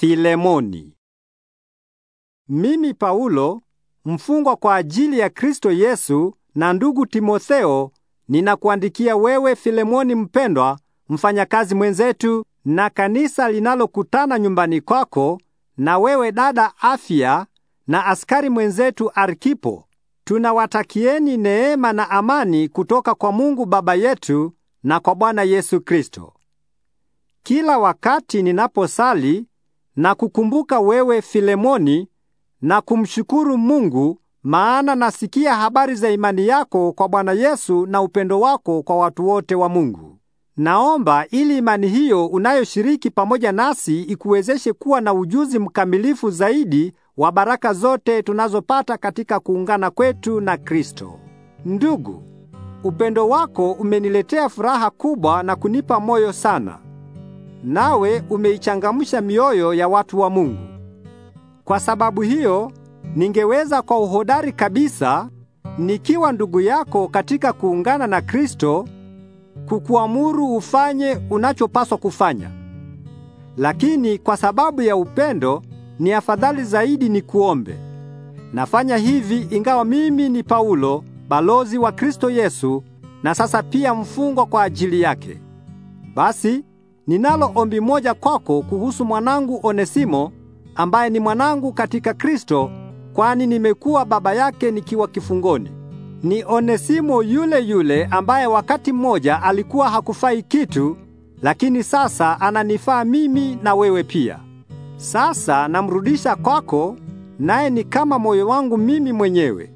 Filemoni. Mimi Paulo, mfungwa kwa ajili ya Kristo Yesu na ndugu Timotheo, ninakuandikia wewe Filemoni mpendwa, mfanyakazi mwenzetu na kanisa linalokutana nyumbani kwako, na wewe dada Afia na askari mwenzetu Arkipo. Tunawatakieni neema na amani kutoka kwa Mungu Baba yetu na kwa Bwana Yesu Kristo. Kila wakati ninaposali na kukumbuka wewe Filemoni na kumshukuru Mungu maana nasikia habari za imani yako kwa Bwana Yesu na upendo wako kwa watu wote wa Mungu. Naomba ili imani hiyo unayoshiriki pamoja nasi ikuwezeshe kuwa na ujuzi mkamilifu zaidi wa baraka zote tunazopata katika kuungana kwetu na Kristo. Ndugu, upendo wako umeniletea furaha kubwa na kunipa moyo sana nawe umeichangamsha mioyo ya watu wa Mungu. Kwa sababu hiyo, ningeweza kwa uhodari kabisa nikiwa ndugu yako katika kuungana na Kristo kukuamuru ufanye unachopaswa kufanya. Lakini kwa sababu ya upendo ni afadhali zaidi nikuombe. Nafanya hivi ingawa mimi ni Paulo, balozi wa Kristo Yesu na sasa pia mfungwa kwa ajili yake. Basi Ninalo ombi moja kwako kuhusu mwanangu Onesimo ambaye ni mwanangu katika Kristo, kwani nimekuwa baba yake nikiwa kifungoni. Ni Onesimo yule yule ambaye wakati mmoja alikuwa hakufai kitu, lakini sasa ananifaa mimi na wewe pia. Sasa namrudisha kwako, naye ni kama moyo wangu mimi mwenyewe.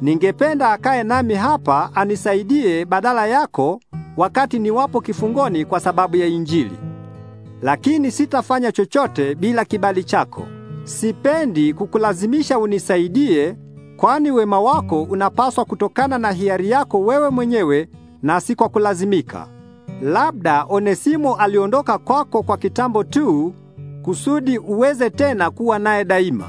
Ningependa akae nami hapa anisaidie badala yako wakati niwapo kifungoni kwa sababu ya Injili. Lakini sitafanya chochote bila kibali chako. Sipendi kukulazimisha unisaidie, kwani wema wako unapaswa kutokana na hiari yako wewe mwenyewe na si kwa kulazimika. Labda Onesimo aliondoka kwako kwa kitambo tu kusudi uweze tena kuwa naye daima.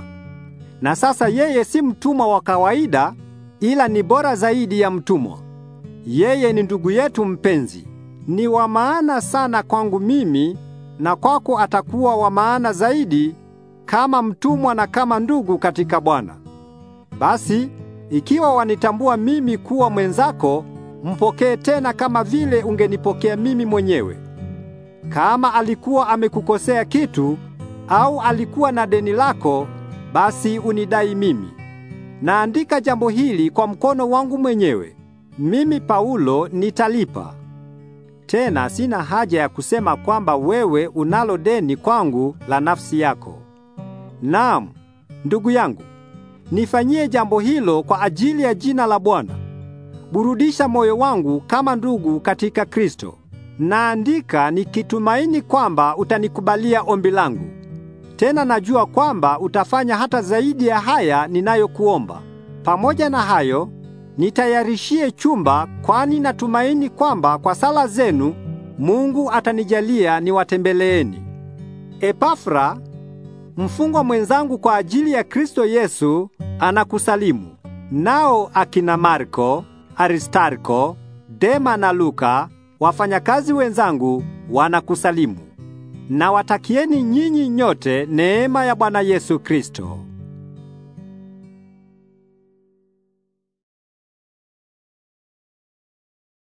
Na sasa yeye si mtumwa wa kawaida ila ni bora zaidi ya mtumwa. Yeye ni ndugu yetu mpenzi, ni wa maana sana kwangu mimi na kwako atakuwa wa maana zaidi, kama mtumwa na kama ndugu katika Bwana. Basi ikiwa wanitambua mimi kuwa mwenzako, mpokee tena kama vile ungenipokea mimi mwenyewe. Kama alikuwa amekukosea kitu au alikuwa na deni lako, basi unidai mimi. Naandika jambo hili kwa mkono wangu mwenyewe. Mimi Paulo nitalipa. Tena sina haja ya kusema kwamba wewe unalo deni kwangu la nafsi yako. Naam, ndugu yangu, nifanyie jambo hilo kwa ajili ya jina la Bwana. Burudisha moyo wangu kama ndugu katika Kristo. Naandika nikitumaini kwamba utanikubalia ombi langu. Tena najua kwamba utafanya hata zaidi ya haya ninayokuomba. Pamoja na hayo nitayarishie chumba, kwani natumaini kwamba kwa sala zenu Mungu atanijalia niwatembeleeni. Epafra, mfungwa mwenzangu kwa ajili ya Kristo Yesu, anakusalimu. Nao akina Marko, Aristarko, Dema na Luka, wafanyakazi wenzangu, wanakusalimu. Na watakieni nyinyi nyote neema ya Bwana Yesu Kristo.